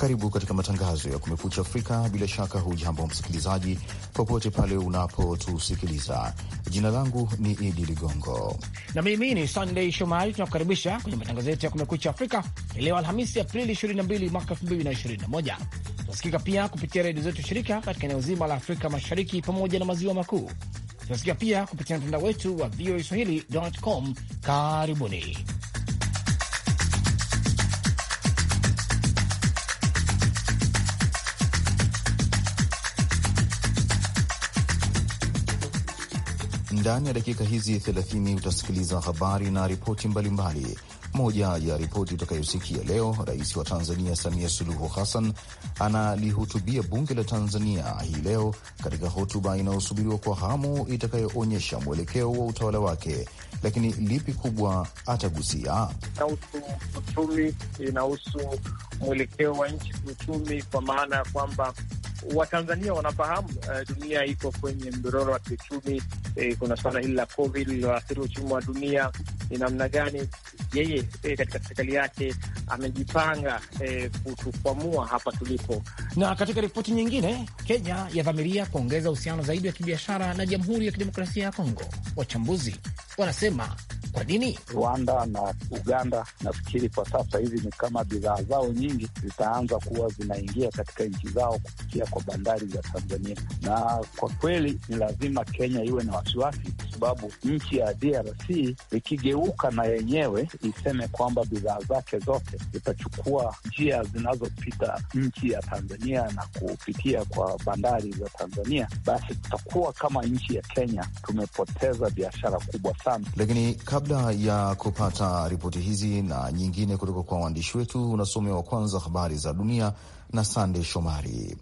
Karibu katika matangazo ya Kumekucha Afrika. Bila shaka, hujambo msikilizaji, popote pale unapotusikiliza. Jina langu ni Idi Ligongo na mimi ni Sandey Shomari. Tunakukaribisha kwenye matangazo yetu ya Kumekucha Afrika leo Alhamisi, Aprili 22 mwaka 2021. Tunasikika pia kupitia redio zetu shirika katika eneo zima la Afrika Mashariki pamoja na Maziwa Makuu. Tunasikika pia kupitia mtandao wetu wa VOA Swahili.com. Karibuni. Ndani ya dakika hizi 30 utasikiliza habari na ripoti mbalimbali. Moja ya ripoti utakayosikia leo, rais wa Tanzania Samia Suluhu Hassan analihutubia bunge la Tanzania hii leo katika hotuba inayosubiriwa kwa hamu itakayoonyesha mwelekeo wa utawala wake. Lakini lipi kubwa atagusia? Inahusu uchumi, inahusu mwelekeo wa nchi kiuchumi, kwa maana ya kwamba Watanzania wanafahamu uh, dunia iko kwenye mdororo wa kiuchumi. E, kuna suala hili la COVID lililoathiri uchumi wa dunia ni namna gani yeye e, katika serikali yake amejipanga e, kutukwamua hapa tulipo. Na katika ripoti nyingine, Kenya yadhamiria kuongeza uhusiano zaidi wa kibiashara na Jamhuri ya Kidemokrasia ya Kongo. Wachambuzi wanasema kwa nini Rwanda na Uganda, nafikiri kwa sasa hivi ni kama bidhaa zao nyingi zitaanza kuwa zinaingia katika nchi zao kupitia kwa bandari za Tanzania, na kwa kweli ni lazima Kenya iwe na wasiwasi, kwa sababu nchi ya DRC ikigeu kugeuka na yenyewe iseme kwamba bidhaa zake zote zitachukua njia zinazopita nchi ya Tanzania na kupitia kwa bandari za Tanzania, basi tutakuwa kama nchi ya Kenya tumepoteza biashara kubwa sana. Lakini kabla ya kupata ripoti hizi na nyingine kutoka kwa waandishi wetu, unasomewa kwanza habari za dunia na Sande Shomari.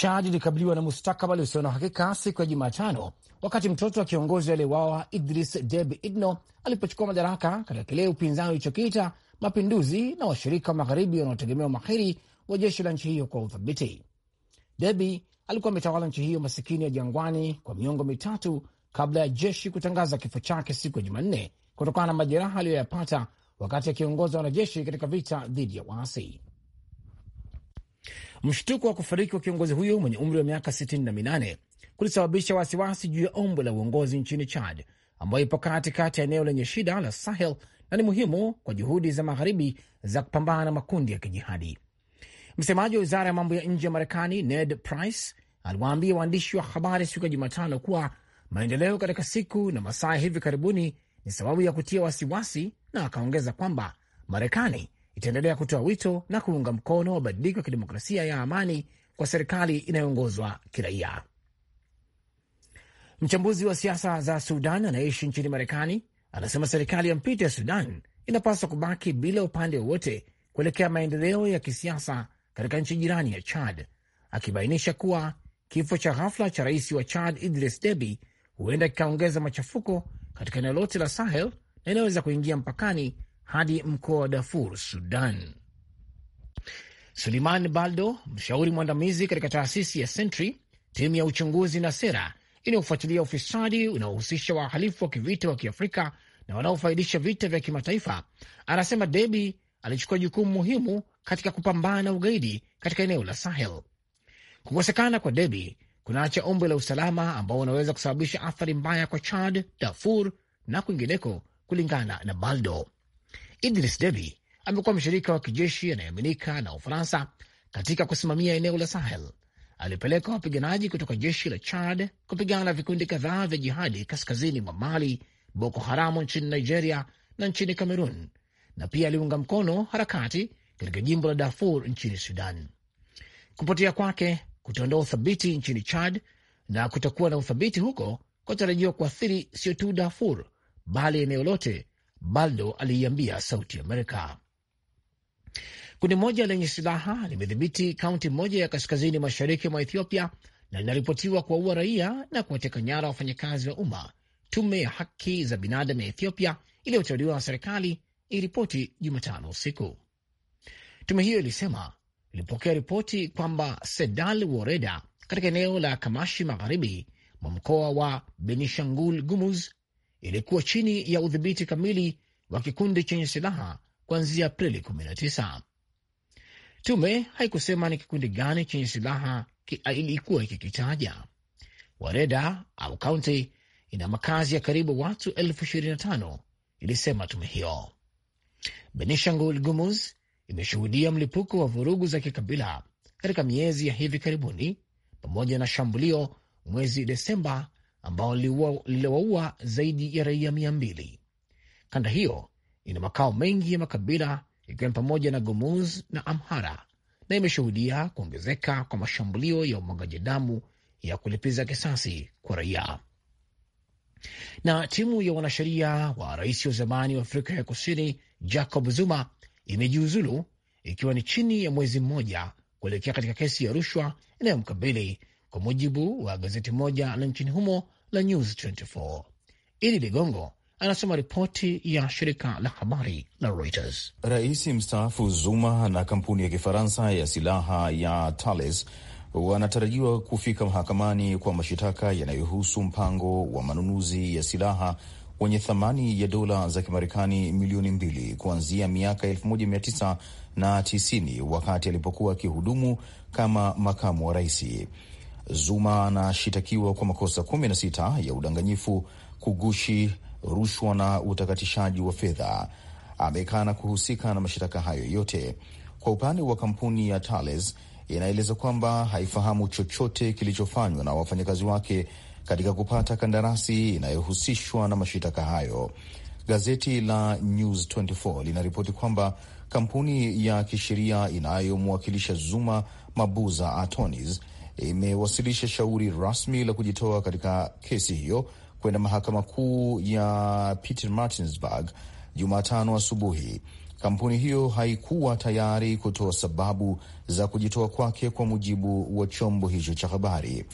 Chad ilikabiliwa na mustakabali usio na hakika siku ya Jumatano wakati mtoto wa kiongozi aliyewawa Idris Deby Itno alipochukua madaraka katika kile upinzani ulichokiita mapinduzi na washirika wa magharibi wanaotegemea umahiri wa jeshi la nchi hiyo kwa uthabiti. Deby alikuwa ametawala nchi hiyo masikini ya jangwani kwa miongo mitatu kabla ya jeshi kutangaza kifo chake siku ya Jumanne kutokana na majeraha aliyoyapata wakati akiongoza wanajeshi katika vita dhidi ya waasi. Mshtuko wa kufariki wa kiongozi huyo mwenye umri wa miaka 68 kulisababisha wasiwasi juu ya ombwe la uongozi nchini Chad ambayo ipo katikati ya eneo lenye shida la Sahel na ni muhimu kwa juhudi za magharibi za kupambana na makundi ya kijihadi. Msemaji wa wizara ya mambo ya nje ya Marekani Ned Price aliwaambia waandishi wa habari siku ya Jumatano kuwa maendeleo katika siku na masaa hivi karibuni ni sababu ya kutia wasiwasi, na akaongeza kwamba Marekani itaendelea kutoa wito na kuunga mkono mabadiliko ya kidemokrasia ya amani kwa serikali inayoongozwa kiraia. Mchambuzi wa siasa za Sudan anayeishi nchini Marekani anasema serikali ya mpito ya Sudan inapaswa kubaki bila upande wowote kuelekea maendeleo ya kisiasa katika nchi jirani ya Chad, akibainisha kuwa kifo cha ghafla cha rais wa Chad Idris Deby huenda kikaongeza machafuko katika eneo lote la Sahel na inaweza kuingia mpakani hadi mkoa wa Darfur, Sudan. Suleiman Baldo, mshauri mwandamizi katika taasisi ya Sentry, timu ya uchunguzi na sera inayofuatilia ufisadi unaohusisha wahalifu wa kivita wa Kiafrika na wanaofaidisha vita vya kimataifa, anasema Debi alichukua jukumu muhimu katika kupambana na ugaidi katika eneo la Sahel. Kukosekana kwa Debi kunaacha ombwe la usalama ambao unaweza kusababisha athari mbaya kwa Chad, Darfur na kwingineko, kulingana na Baldo. Idris Deby amekuwa mshirika wa kijeshi anayeaminika na Ufaransa katika kusimamia eneo la Sahel. Alipeleka wapiganaji kutoka jeshi la Chad kupigana na vikundi kadhaa vya jihadi kaskazini mwa Mali, Boko Haramu nchini Nigeria na nchini Cameroon, na pia aliunga mkono harakati katika jimbo la Darfur nchini Sudan. Kupotea kwake kutaondoa uthabiti nchini Chad na kutokuwa na uthabiti huko kutarajiwa kuathiri sio tu Darfur bali eneo lote Baldo aliiambia Sauti Amerika. Kundi moja lenye silaha limedhibiti kaunti moja ya kaskazini mashariki mwa Ethiopia na linaripotiwa kuwaua raia na kuwateka nyara wafanyakazi wa umma. Tume ya haki za binadamu ya Ethiopia iliyoteuliwa na serikali iliripoti Jumatano usiku. Tume hiyo ilisema ilipokea ripoti kwamba Sedal Woreda katika eneo la Kamashi magharibi mwa mkoa wa Benishangul Gumuz ilikuwa chini ya udhibiti kamili wa kikundi chenye silaha kuanzia Aprili 19. Tume haikusema ni kikundi gani chenye silaha ilikuwa ikikitaja. Wareda au kaunti ina makazi ya karibu watu elfu ishirini na tano, ilisema tume hiyo. Benishangul Gumuz imeshuhudia mlipuko wa vurugu za kikabila katika miezi ya hivi karibuni pamoja na shambulio mwezi Desemba ambao liliwaua zaidi ya raia mia mbili. Kanda hiyo ina makao mengi ya makabila ikiwa ni pamoja na Gumuz na Amhara na imeshuhudia kuongezeka kwa mashambulio ya umwagaji damu ya kulipiza kisasi kwa raia. Na timu ya wanasheria wa rais wa zamani wa Afrika ya Kusini Jacob Zuma imejiuzulu ikiwa ni chini ya mwezi mmoja kuelekea katika kesi ya rushwa inayomkabili, kwa mujibu wa gazeti moja la nchini humo la News 24. Idi Ligongo anasoma ripoti ya shirika la habari la Reuters. Rais mstaafu Zuma na kampuni ya Kifaransa ya silaha ya Thales wanatarajiwa kufika mahakamani kwa mashitaka yanayohusu mpango wa manunuzi ya silaha wenye thamani ya dola za Kimarekani milioni mbili kuanzia miaka 1990 wakati alipokuwa akihudumu kama makamu wa raisi. Zuma anashitakiwa kwa makosa sita ya udanganyifu, kugushi, rushwa na utakatishaji wa fedha. Amekana kuhusika na mashitaka hayo yote. Kwa upande wa kampuni ya Thales inaeleza kwamba haifahamu chochote kilichofanywa na wafanyakazi wake katika kupata kandarasi inayohusishwa na mashitaka hayo. Gazeti la News 24 linaripoti kwamba kampuni ya kisheria inayomwakilisha Zuma, Mabuza Attorneys, imewasilisha shauri rasmi la kujitoa katika kesi hiyo kwenda mahakama kuu ya Pietermaritzburg Jumatano asubuhi. Kampuni hiyo haikuwa tayari kutoa sababu za kujitoa kwake, kwa mujibu wa chombo hicho cha habari.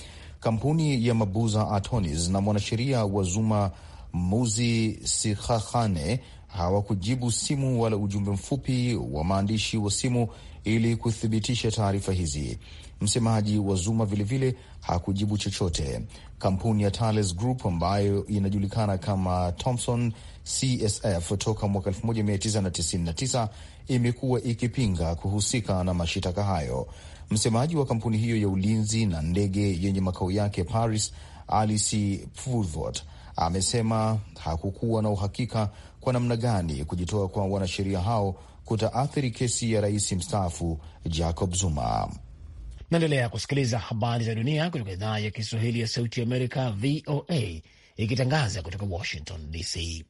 Kampuni ya Mabuza Attorneys na mwanasheria wa Zuma Muzi Sikhakhane hawakujibu simu wala ujumbe mfupi wa maandishi wa simu ili kuthibitisha taarifa hizi. Msemaji wa Zuma vilevile hakujibu chochote. Kampuni ya Thales Group ambayo inajulikana kama Thomson CSF toka mwaka 1999 imekuwa ikipinga kuhusika na mashitaka hayo. Msemaji wa kampuni hiyo ya ulinzi na ndege yenye makao yake Paris, Alice Fulvot, amesema hakukuwa na uhakika kwa namna gani kujitoa kwa wanasheria hao kutaathiri kesi ya rais mstaafu Jacob Zuma. Naendelea kusikiliza habari za dunia kutoka idhaa ya Kiswahili ya Sauti ya Amerika, VOA, ikitangaza kutoka Washington DC.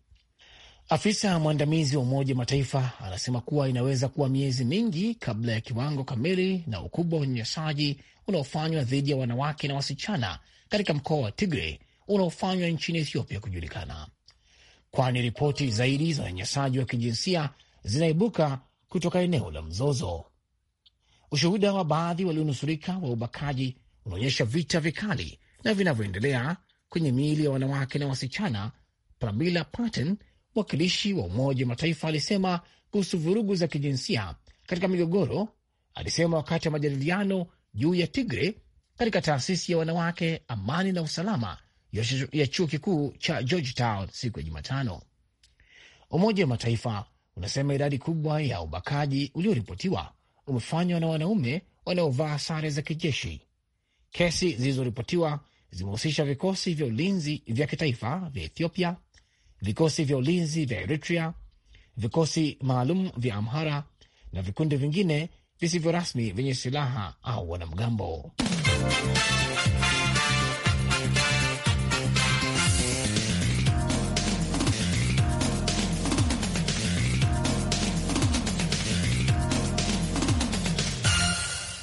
Afisa mwandamizi wa Umoja Mataifa anasema kuwa inaweza kuwa miezi mingi kabla ya kiwango kamili na ukubwa wa unyanyasaji unaofanywa dhidi ya wanawake na wasichana katika mkoa wa Tigre unaofanywa nchini Ethiopia kujulikana, kwani ripoti zaidi za unyanyasaji wa kijinsia zinaibuka kutoka eneo la mzozo. Ushuhuda wa baadhi walionusurika wa ubakaji unaonyesha vita vikali na vinavyoendelea kwenye miili ya wanawake na wasichana. Pramila Patten, mwakilishi wa Umoja wa Mataifa, alisema kuhusu vurugu za kijinsia katika migogoro. Alisema wakati wa majadiliano juu ya Tigre katika taasisi ya wanawake, amani na usalama ya chuo kikuu cha Georgetown siku ya Jumatano. Umoja wa Mataifa unasema idadi kubwa ya ubakaji ulioripotiwa umefanywa na wanaume wanaovaa sare za kijeshi. Kesi zilizoripotiwa zimehusisha vikosi vya ulinzi vya kitaifa vya Ethiopia, vikosi vya ulinzi vya Eritrea, vikosi maalum vya Amhara na vikundi vingine visivyo rasmi vyenye silaha au wanamgambo.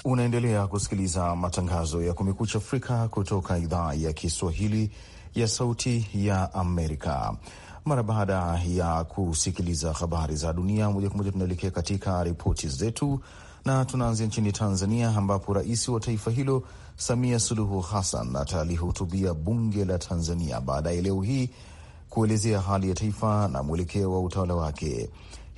Unaendelea kusikiliza matangazo ya Kumekucha Afrika kutoka idhaa ya Kiswahili ya Sauti ya Amerika. Mara baada ya kusikiliza habari za dunia moja kwa moja, tunaelekea katika ripoti zetu na tunaanzia nchini Tanzania ambapo rais wa taifa hilo Samia Suluhu Hassan atalihutubia bunge la Tanzania baadaye leo hii kuelezea hali ya taifa na mwelekeo wa utawala wake.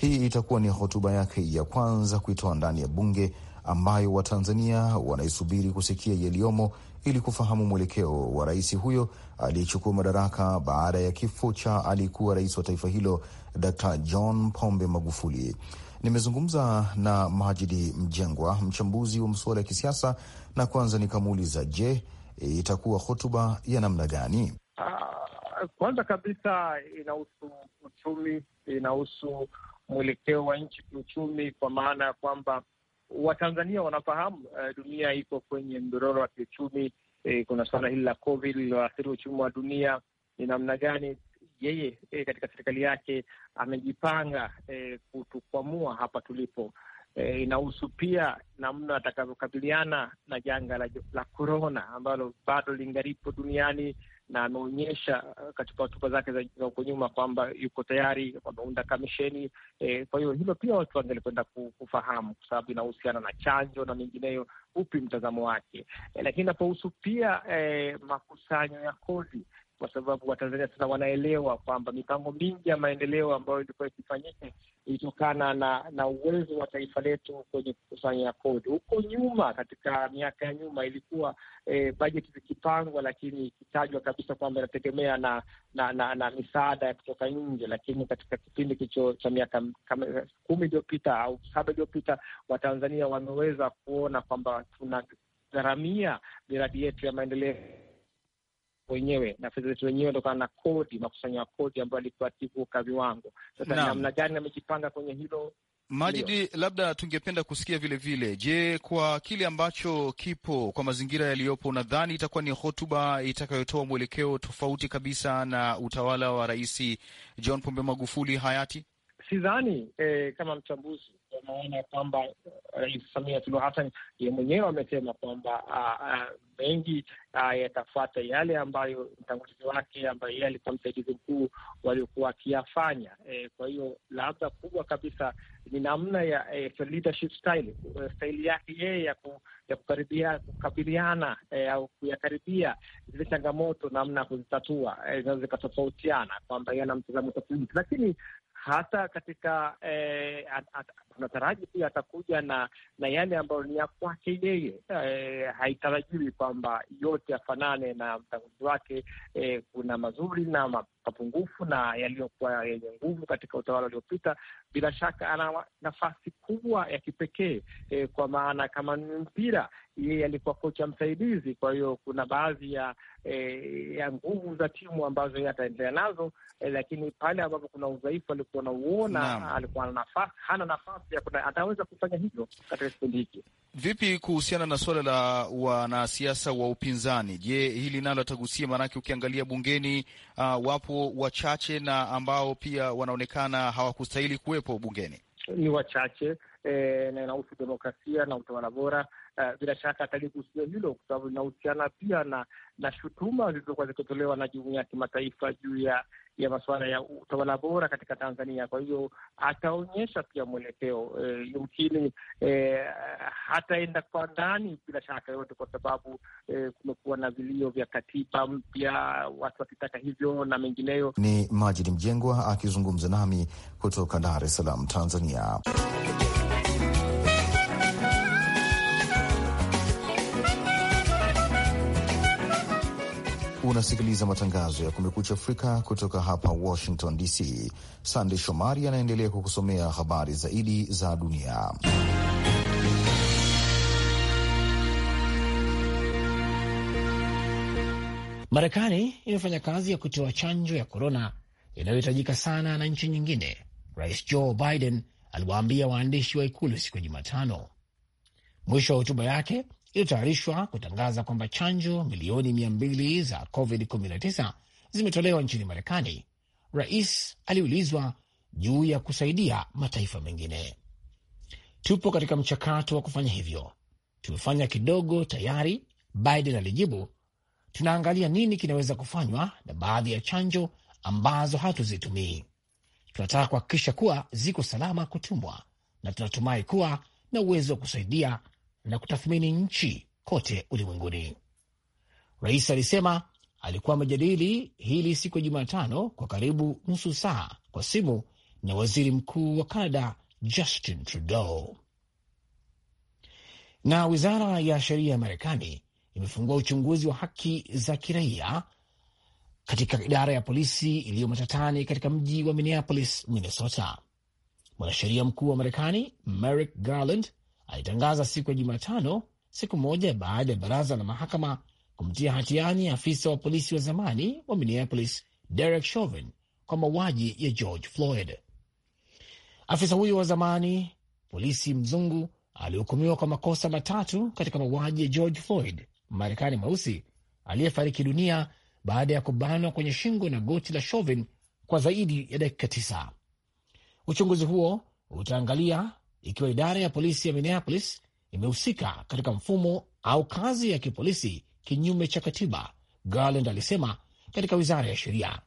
Hii itakuwa ni hotuba yake ya kwanza kuitoa ndani ya bunge ambayo Watanzania wanaisubiri kusikia yaliyomo ili kufahamu mwelekeo wa rais huyo aliyechukua madaraka baada ya kifo cha aliyekuwa rais wa taifa hilo Dr. John Pombe Magufuli. Nimezungumza na Majidi Mjengwa, mchambuzi wa masuala ya kisiasa, na kwanza nikamuuliza, je, itakuwa hotuba ya namna gani? Ah, kwanza kabisa inahusu uchumi, inahusu mwelekeo wa nchi kiuchumi, kwa maana ya kwamba Watanzania wanafahamu uh, dunia iko kwenye mdororo wa kiuchumi. E, kuna suala hili la Covid lililoathiri uchumi wa dunia. Ni namna gani yeye e, katika serikali yake amejipanga e, kutukwamua hapa tulipo. E, inahusu pia namna atakavyokabiliana na janga la, la korona ambalo bado lingaripo duniani na ameonyesha uh, katika hotuba zake za huko nyuma kwamba yuko tayari, wameunda kamisheni e. Kwa hiyo hilo pia watu wangelipenda kufahamu, kwa sababu inahusiana na chanjo na mengineyo, upi mtazamo wake e, lakini inapohusu pia e, makusanyo ya kodi kwa sababu Watanzania sasa wanaelewa kwamba mipango mingi ya maendeleo ambayo ilikuwa ikifanyika ilitokana na na uwezo wa taifa letu kwenye kukusanya kodi. Huko nyuma, katika miaka ya nyuma, ilikuwa eh, bajeti zikipangwa, lakini ikitajwa kabisa kwamba inategemea na na, na na misaada ya kutoka nje. Lakini katika kipindi kicho cha miaka kumi iliyopita au saba iliyopita, Watanzania wameweza kuona kwamba tunagharamia miradi yetu ya maendeleo wenyewe na fedha zetu wenyewe kutokana na kodi, makusanyo ya kodi ambayo alikuwa kivuka viwango. Sasa namna gani amejipanga kwenye hilo? Majidi, labda tungependa kusikia vile vile, je, kwa kile ambacho kipo kwa mazingira yaliyopo, unadhani itakuwa ni hotuba itakayotoa mwelekeo tofauti kabisa na utawala wa Rais John Pombe Magufuli hayati? Sidhani eh, kama mchambuzi wanaona kwamba eh, Rais Samia Suluhu Hassan ye mwenyewe amesema kwamba ah, ah, mengi ah, yatafuata yale ambayo mtangulizi wake ambayo yeye alikuwa msaidizi mkuu waliokuwa akiyafanya. E, eh, kwa hiyo labda kubwa kabisa ni namna ya e, leadership style, staili yake yeye ya, ku, ya kukaribia kukabiliana e, au kuyakaribia zile changamoto, namna ya kuzitatua zinazo e, zikatofautiana, kwamba yeye ana mtazamo tofauti, lakini hata katika eh, tunataraji pia atakuja na na yale ambayo ni ya kwake yeye. Eh, haitarajiwi kwamba yote yafanane na mtangulizi wake. Eh, kuna mazuri na mapungufu na yaliyokuwa yenye nguvu katika utawala uliopita. Bila shaka ana nafasi kubwa ya kipekee eh, kwa maana kama ni mpira yeye alikuwa kocha msaidizi, kwa hiyo kuna baadhi ya eh, ya nguvu za timu ambazo yeye ataendelea nazo eh, lakini pale ambapo kuna udhaifu alikuwa nauona, alikuwa na nafasi, hana nafasi ya kuna, ataweza kufanya hivyo katika kipindi hiki. Vipi kuhusiana na suala la wanasiasa wa upinzani? Je, hili nalo atagusia? Maanake ukiangalia bungeni uh, wapo wachache na ambao pia wanaonekana hawakustahili kuwepo bungeni, ni wachache eh, na inahusu demokrasia na utawala bora. Eh, bila shaka ataligusia hilo kwa sababu linahusiana pia na na shutuma zilizokuwa zikitolewa na jumuia ya kimataifa juu ya ya masuala ya utawala bora katika Tanzania. Kwa hiyo ataonyesha pia mwelekeo eh, yumkini, e, e, hataenda kwa ndani bila shaka yote, kwa sababu e, kumekuwa na vilio vya katiba mpya, watu wakitaka hivyo na mengineyo. Ni Majid Mjengwa akizungumza nami kutoka Dar es Salaam, Tanzania. Unasikiliza matangazo ya Kumekucha Afrika kutoka hapa Washington DC. sandey Shomari anaendelea kukusomea habari zaidi za dunia. Marekani imefanya kazi ya kutoa chanjo ya korona inayohitajika sana na nchi nyingine, Rais Joe Biden aliwaambia waandishi wa ikulu siku ya Jumatano. Mwisho wa hotuba yake iliyotayarishwa kutangaza kwamba chanjo milioni mia mbili za COVID-19 zimetolewa nchini Marekani, rais aliulizwa juu ya kusaidia mataifa mengine. Tupo katika mchakato wa kufanya hivyo, tumefanya kidogo tayari, Biden alijibu. Tunaangalia nini kinaweza kufanywa na baadhi ya chanjo ambazo hatuzitumii. Tunataka kuhakikisha kuwa ziko salama kutumwa, na tunatumai kuwa na uwezo wa kusaidia na kutathmini nchi kote ulimwenguni. Rais alisema alikuwa amejadili hili siku ya Jumatano kwa karibu nusu saa kwa simu na waziri mkuu wa Canada Justin Trudeau. Na wizara ya sheria ya Marekani imefungua uchunguzi wa haki za kiraia katika idara ya polisi iliyo matatani katika mji wa Minneapolis, Minnesota. Mwanasheria mkuu wa Marekani Merrick Garland alitangaza siku ya Jumatano, siku moja baada ya baraza la mahakama kumtia hatiani afisa wa polisi wa zamani wa Minneapolis Derek Chauvin kwa mauaji ya George Floyd. Afisa huyo wa zamani polisi mzungu alihukumiwa kwa makosa matatu katika mauaji ya George Floyd, Marekani mweusi aliyefariki dunia baada ya kubanwa kwenye shingo na goti la Chauvin kwa zaidi ya dakika tisa. Uchunguzi huo utaangalia ikiwa idara ya polisi ya Minneapolis imehusika katika mfumo au kazi ya kipolisi kinyume cha katiba, Garland alisema katika wizara ya sheria.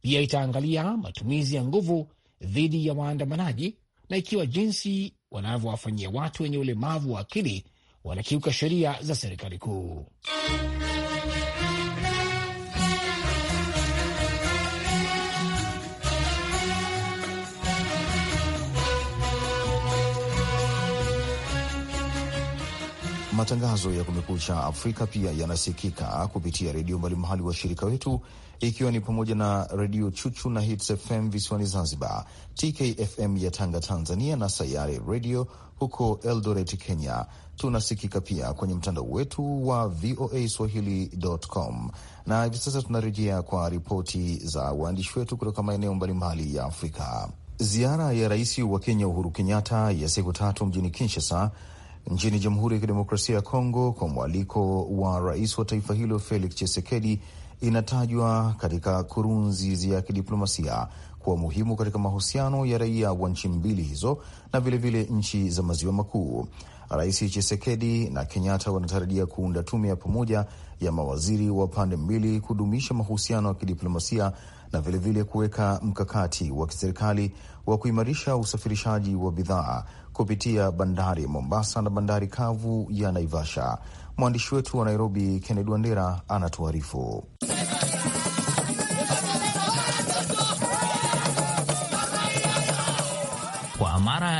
Pia itaangalia matumizi ya nguvu dhidi ya waandamanaji na ikiwa jinsi wanavyowafanyia watu wenye ulemavu wa akili wanakiuka sheria za serikali kuu. Matangazo ya Kumekucha Afrika pia yanasikika kupitia redio mbalimbali washirika wetu, ikiwa ni pamoja na redio Chuchu na Hits FM visiwani Zanzibar, TKFM ya Tanga, Tanzania, na Sayare redio huko Eldoret, Kenya. Tunasikika pia kwenye mtandao wetu wa VOA Swahili.com. Na hivi sasa tunarejea kwa ripoti za waandishi wetu kutoka maeneo mbalimbali ya Afrika. Ziara ya rais wa Kenya Uhuru Kenyatta ya siku tatu mjini Kinshasa nchini Jamhuri ya Kidemokrasia ya Kongo kwa mwaliko wa rais wa taifa hilo Felix Tshisekedi inatajwa katika kurunzi ya kidiplomasia kuwa muhimu katika mahusiano ya raia wa nchi mbili hizo na vilevile vile nchi za maziwa makuu. Rais Tshisekedi na Kenyatta wanatarajia kuunda tume ya pamoja ya mawaziri wa pande mbili kudumisha mahusiano ya kidiplomasia na vilevile kuweka mkakati wa kiserikali wa kuimarisha usafirishaji wa bidhaa kupitia bandari ya Mombasa na bandari kavu ya Naivasha. Mwandishi wetu wa Nairobi, Kennedy Wandera, anatuarifu.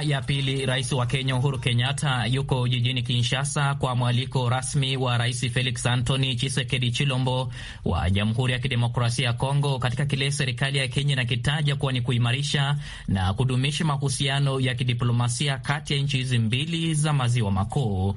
ya pili, rais wa Kenya Uhuru Kenyatta yuko jijini Kinshasa kwa mwaliko rasmi wa Rais Felix Antony Chisekedi Chilombo wa Jamhuri ya Kidemokrasia ya Kongo, katika kile serikali ya Kenya inakitaja kuwa ni kuimarisha na kudumisha mahusiano ya kidiplomasia kati ya nchi hizi mbili za maziwa makuu.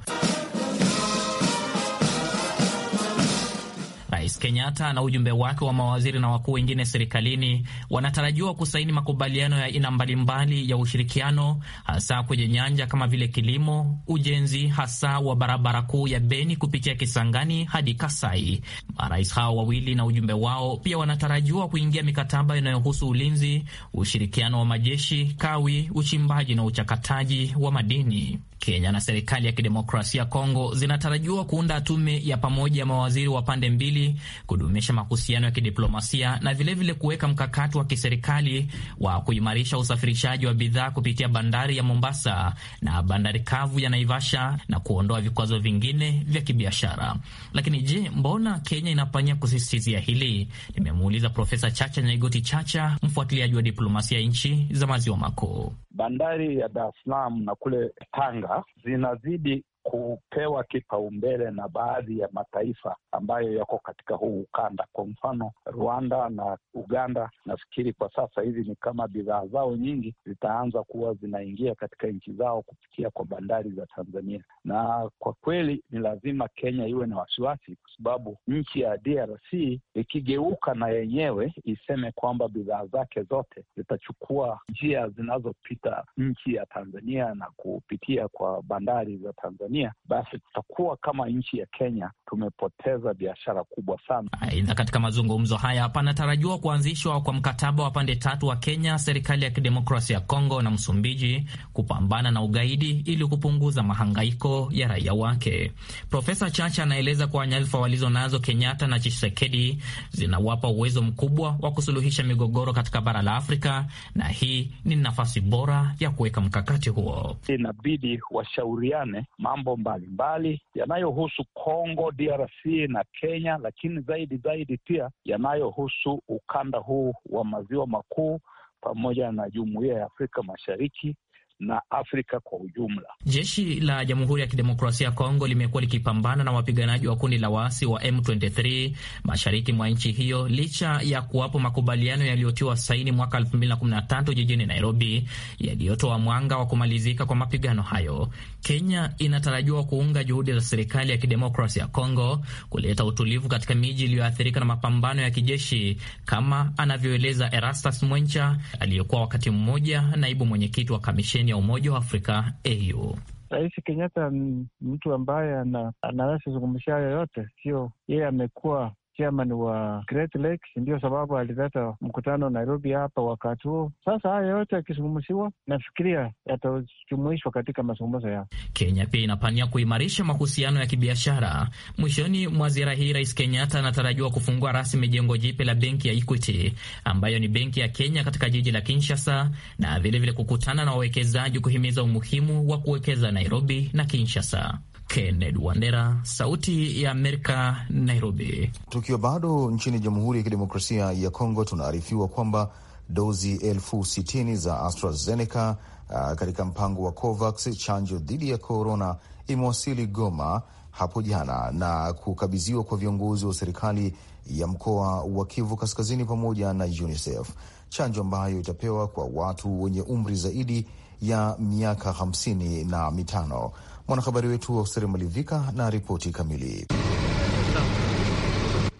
Kenyatta na ujumbe wake wa mawaziri na wakuu wengine serikalini wanatarajiwa kusaini makubaliano ya aina mbalimbali ya ushirikiano, hasa kwenye nyanja kama vile kilimo, ujenzi hasa wa barabara kuu ya Beni kupitia Kisangani hadi Kasai. Marais hao wawili na ujumbe wao pia wanatarajiwa kuingia mikataba inayohusu ulinzi, ushirikiano wa majeshi, kawi, uchimbaji na uchakataji wa madini. Kenya na serikali ya kidemokrasia ya Kongo zinatarajiwa kuunda tume ya pamoja ya mawaziri wa pande mbili kudumisha mahusiano ya kidiplomasia na vilevile kuweka mkakati wa kiserikali wa kuimarisha usafirishaji wa bidhaa kupitia bandari ya Mombasa na bandari kavu ya Naivasha na kuondoa vikwazo vingine vya kibiashara. Lakini je, mbona Kenya inapania kusisitizia hili? Nimemuuliza Profesa Chacha Nyaigoti Chacha, mfuatiliaji wa diplomasia ya nchi za maziwa makuu, bandari ya Dar es Salaam na kule Tanga zinazidi kupewa kipaumbele na baadhi ya mataifa ambayo yako katika huu ukanda. Kwa mfano, Rwanda na Uganda, nafikiri kwa sasa hivi ni kama bidhaa zao nyingi zitaanza kuwa zinaingia katika nchi zao kupitia kwa bandari za Tanzania, na kwa kweli ni lazima Kenya iwe na wasiwasi, kwa sababu nchi ya DRC ikigeuka na yenyewe iseme kwamba bidhaa zake zote zitachukua njia zinazopita nchi ya Tanzania na kupitia kwa bandari za Tanzania Tanzania, basi tutakuwa kama nchi ya Kenya tumepoteza biashara kubwa sana. Aidha, katika mazungumzo haya panatarajiwa kuanzishwa kwa mkataba wa pande tatu wa Kenya, serikali ya kidemokrasia ya Kongo na Msumbiji kupambana na ugaidi ili kupunguza mahangaiko ya raia wake. Profesa Chacha anaeleza kuwa nyadhifa nazo Kenyatta na Chisekedi zinawapa uwezo mkubwa wa kusuluhisha migogoro katika bara la Afrika, na hii ni nafasi bora ya kuweka mkakati huo. Inabidi washauriane mambo mambo mbalimbali yanayohusu Congo DRC na Kenya, lakini zaidi zaidi pia yanayohusu ukanda huu wa maziwa makuu pamoja na jumuiya ya Afrika Mashariki na Afrika kwa ujumla. Jeshi la Jamhuri ya Kidemokrasia ya Kongo limekuwa likipambana na wapiganaji wa kundi la waasi wa M23 mashariki mwa nchi hiyo licha ya kuwapo makubaliano yaliyotiwa saini mwaka 2013 jijini Nairobi yaliyotoa mwanga wa kumalizika kwa mapigano hayo. Kenya inatarajiwa kuunga juhudi za serikali ya Kidemokrasia ya Kongo kuleta utulivu katika miji iliyoathirika na mapambano ya kijeshi, kama anavyoeleza Erastus Mwencha aliyekuwa wakati mmoja naibu mwenyekiti wa kamisheni ya Umoja wa Afrika AU. Rais Kenyatta ni mtu ambaye anaweza zungumzia yoyote, sio yeye amekuwa chairman wa Great Lake, ndio sababu alileta mkutano Nairobi hapa wakati huo. Sasa haya yote yakizungumziwa, nafikiria yatajumuishwa katika mazungumzo yao. Kenya pia inapania kuimarisha mahusiano ya kibiashara. Mwishoni mwa ziara hii, Rais Kenyatta anatarajiwa kufungua rasmi jengo jipya la benki ya Equity ambayo ni benki ya Kenya katika jiji la Kinshasa, na vilevile vile kukutana na wawekezaji kuhimiza umuhimu wa kuwekeza Nairobi na Kinshasa. Kenneth Wandera, Sauti ya Amerika, Nairobi. Tukiwa bado nchini Jamhuri ya Kidemokrasia ya Kongo, tunaarifiwa kwamba dozi elfu sitini za AstraZeneca uh, katika mpango wa COVAX chanjo dhidi ya korona imewasili Goma hapo jana na kukabidhiwa kwa viongozi wa serikali ya mkoa wa Kivu Kaskazini pamoja na UNICEF, chanjo ambayo itapewa kwa watu wenye umri zaidi ya miaka hamsini na mitano. Mwanahabari wetu wa Usere Malivika na ripoti kamili.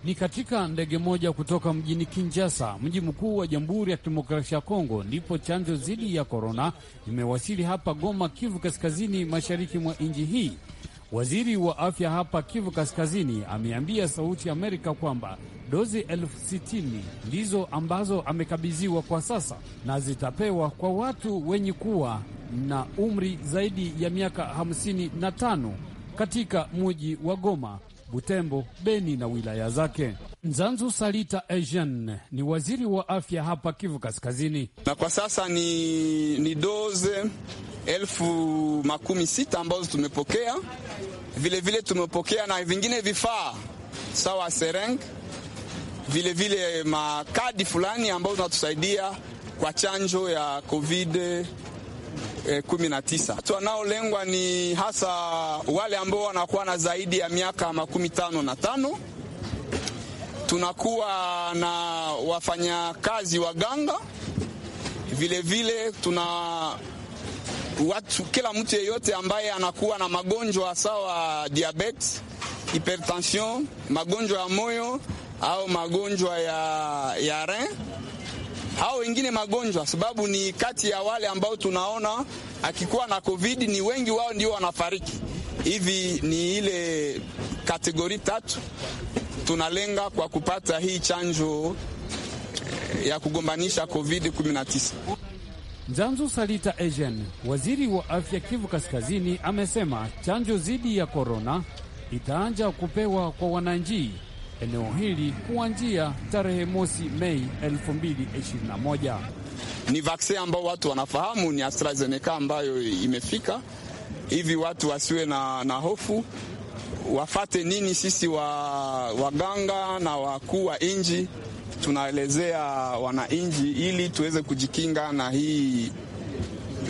Ni katika ndege moja kutoka mjini Kinjasa, mji mkuu wa Jamhuri ya Kidemokrasia ya Kongo, ndipo chanjo dhidi ya korona imewasili hapa Goma, Kivu Kaskazini, mashariki mwa nchi hii. Waziri wa afya hapa Kivu Kaskazini ameambia Sauti ya Amerika kwamba dozi elfu sitini ndizo ambazo amekabidhiwa kwa sasa na zitapewa kwa watu wenye kuwa na umri zaidi ya miaka 55 katika muji wa Goma, Butembo, Beni na wilaya zake. Nzanzu Salita Asian ni waziri wa afya hapa Kivu Kaskazini. Na kwa sasa ni, ni doze elfu makumi sita ambazo tumepokea vilevile, tumepokea na vingine vifaa sawa sereng vilevile vile makadi fulani ambayo zinatusaidia kwa chanjo ya covid 19. Eh, watu wanaolengwa ni hasa wale ambao wanakuwa na zaidi ya miaka makumi tano na tano. Tunakuwa na wafanyakazi waganga, vilevile tuna watu, kila mtu yeyote ambaye anakuwa na magonjwa sawa diabetes, hypertension, magonjwa ya moyo au magonjwa ya, ya rein au wengine magonjwa, sababu ni kati ya wale ambao tunaona akikuwa na covid ni wengi wao ndio wanafariki. Hivi ni ile kategori tatu tunalenga kwa kupata hii chanjo eh, ya kugombanisha covid 19. Nzanzu Salita ejen waziri wa afya Kivu Kaskazini, amesema chanjo dhidi ya korona itaanza kupewa kwa wananchi eneo hili kuanzia tarehe mosi Mei 2021. Ni vaksin ambao watu wanafahamu ni AstraZeneca ambayo imefika hivi, watu wasiwe na, na hofu wafate nini. Sisi waganga wa na wakuu wa nji tunaelezea wananji ili tuweze kujikinga na hii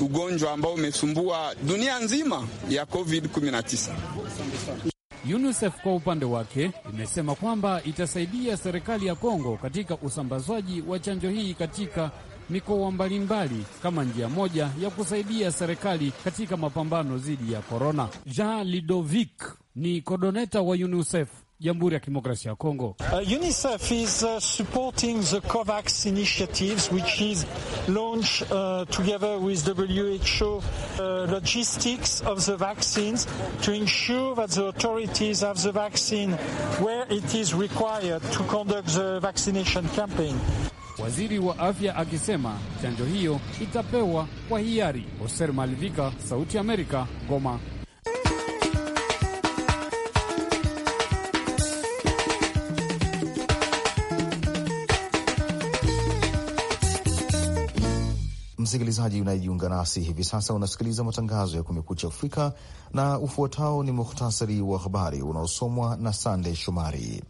ugonjwa ambao umesumbua dunia nzima ya COVID-19. UNICEF kwa upande wake imesema kwamba itasaidia serikali ya Kongo katika usambazaji wa chanjo hii katika mikoa mbalimbali kama njia moja ya kusaidia serikali katika mapambano dhidi ya korona. Jean Lidovic ni kodoneta wa UNICEF Jamhuri ya Kidemokrasia ya Kongo. Uh, UNICEF is uh, supporting the COVAX initiatives which is launched uh, together with WHO uh, logistics of the vaccines to ensure that the authorities have the vaccine where it is required to conduct the vaccination campaign. Waziri wa afya akisema chanjo hiyo itapewa kwa hiari. Hoser Malivika, Sauti Amerika, Goma. Msikilizaji unayejiunga nasi hivi sasa, unasikiliza matangazo ya Kumekucha Afrika na ufuatao ni muhtasari wa habari unaosomwa na Sande Shomari.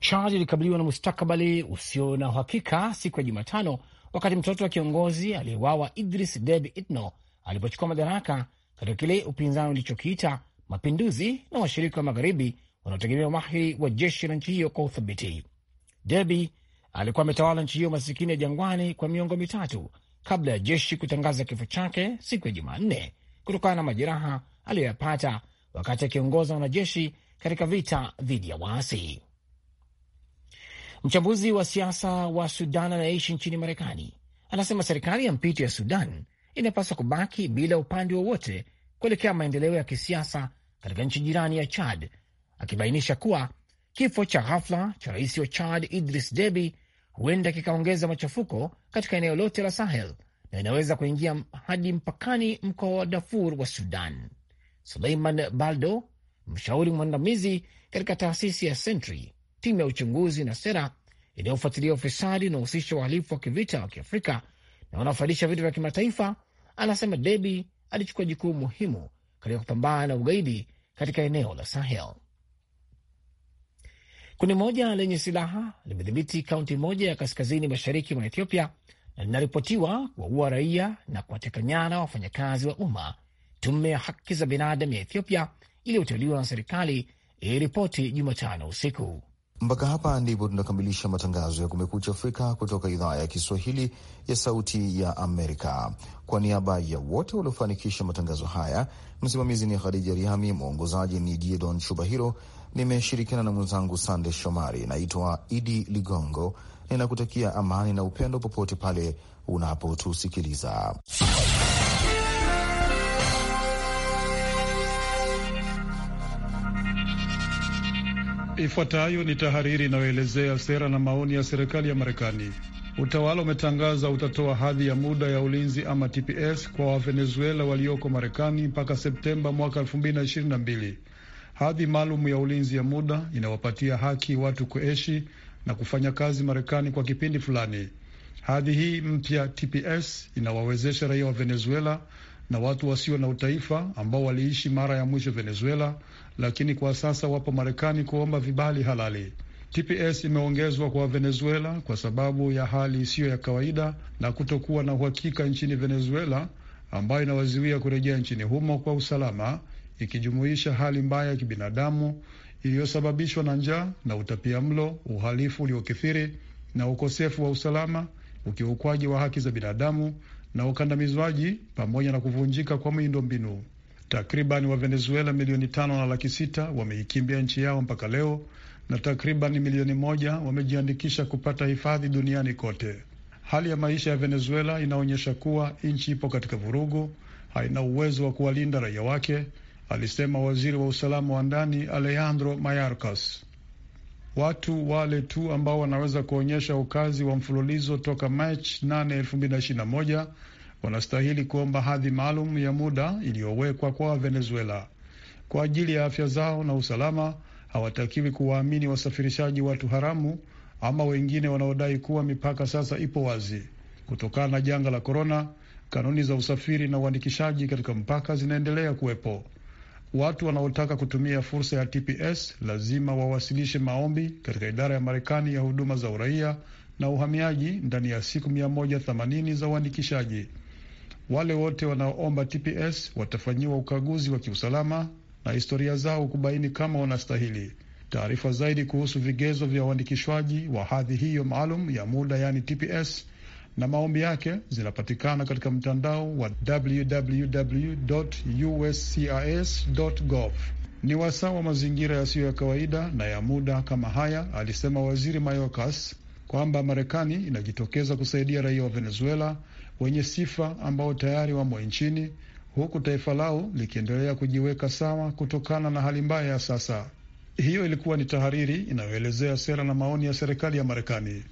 Chad ilikabiliwa na mustakabali usio na uhakika siku ya Jumatano wakati mtoto wa kiongozi aliyewawa Idris Deby Itno alipochukua madaraka katika kile upinzani ulichokiita mapinduzi na washirika wa magharibi unaotegemea umahiri wa jeshi la nchi hiyo kwa uthabiti. Deby alikuwa ametawala nchi hiyo masikini ya jangwani kwa miongo mitatu kabla ya jeshi kutangaza kifo chake siku ya Jumanne kutokana na majeraha aliyoyapata wakati akiongoza wanajeshi katika vita dhidi ya waasi. Mchambuzi wa siasa wa Sudan anayeishi nchini Marekani anasema serikali ya mpito ya Sudan inapaswa kubaki bila upande wowote kuelekea maendeleo ya kisiasa katika nchi jirani ya Chad akibainisha kuwa kifo cha ghafla cha rais wa Chad Idris Deby huenda kikaongeza machafuko katika eneo lote la Sahel na inaweza kuingia hadi mpakani mkoa wa Darfur wa Sudan. Suleiman Baldo, mshauri mwandamizi katika taasisi ya Sentry, timu ya uchunguzi na sera inayofuatilia ufisadi unaohusisha uhalifu wa kivita wa Kiafrika na wanaofaidisha vitu vya kimataifa, anasema Deby alichukua jukumu muhimu katika kupambana na ugaidi katika eneo la Sahel. Kundi moja lenye silaha limedhibiti kaunti moja ya kaskazini mashariki mwa Ethiopia na linaripotiwa kuwaua raia na kuwateka nyara wafanyakazi wa umma. Tume ya haki za binadamu ya Ethiopia iliyoteuliwa na serikali iliripoti Jumatano usiku. Mpaka hapa ndipo tunakamilisha matangazo ya Kumekucha Afrika kutoka idhaa ya Kiswahili ya Sauti ya Amerika. Kwa niaba ya wote waliofanikisha matangazo haya, msimamizi ni Khadija Riami, mwongozaji ni Diedon Shubahiro nimeshirikiana na mwenzangu Sande Shomari. Naitwa Idi Ligongo, ninakutakia amani na upendo popote pale unapotusikiliza. Ifuatayo ni tahariri inayoelezea sera na maoni ya serikali ya Marekani. Utawala umetangaza utatoa hadhi ya muda ya ulinzi ama TPS kwa Wavenezuela walioko Marekani mpaka Septemba mwaka 222 Hadhi maalum ya ulinzi ya muda inawapatia haki watu kuishi na kufanya kazi Marekani kwa kipindi fulani. Hadhi hii mpya TPS inawawezesha raia wa Venezuela na watu wasio na utaifa ambao waliishi mara ya mwisho Venezuela, lakini kwa sasa wapo Marekani kuomba vibali halali. TPS imeongezwa kwa Venezuela kwa sababu ya hali isiyo ya kawaida na kutokuwa na uhakika nchini Venezuela, ambayo inawaziwia kurejea nchini humo kwa usalama ikijumuisha hali mbaya ya kibinadamu iliyosababishwa na njaa na utapia mlo, uhalifu uliokithiri na ukosefu wa usalama, ukiukwaji wa haki za binadamu na ukandamizwaji, pamoja na kuvunjika kwa mbinu. Takriban wa Venezuela milioni tano na laki sita wameikimbia nchi yao mpaka leo na takriban milioni moja wamejiandikisha kupata hifadhi duniani kote. Hali ya maisha ya Venezuela inaonyesha kuwa nchi ipo katika vurugu, haina uwezo wa kuwalinda raia wake alisema waziri wa usalama wa ndani Alejandro Mayorkas. Watu wale tu ambao wanaweza kuonyesha ukazi wa mfululizo toka Machi 8, 2021 wanastahili kuomba hadhi maalum ya muda iliyowekwa kwa Venezuela kwa ajili ya afya zao na usalama. Hawatakiwi kuwaamini wasafirishaji watu haramu ama wengine wanaodai kuwa mipaka sasa ipo wazi kutokana na janga la korona. Kanuni za usafiri na uandikishaji katika mpaka zinaendelea kuwepo. Watu wanaotaka kutumia fursa ya TPS lazima wawasilishe maombi katika idara ya Marekani ya huduma za uraia na uhamiaji ndani ya siku 180 za uandikishaji. Wale wote wanaoomba TPS watafanyiwa ukaguzi wa kiusalama na historia zao kubaini kama wanastahili. Taarifa zaidi kuhusu vigezo vya uandikishwaji wa hadhi hiyo maalum ya muda, yani TPS, na maombi yake zinapatikana katika mtandao wa www.uscis.gov. Ni wasaa wa mazingira yasiyo ya kawaida na ya muda kama haya, alisema Waziri Mayorkas kwamba Marekani inajitokeza kusaidia raia wa Venezuela wenye sifa ambao tayari wamo nchini huku taifa lao likiendelea kujiweka sawa kutokana na hali mbaya ya sasa. Hiyo ilikuwa ni tahariri inayoelezea sera na maoni ya serikali ya Marekani.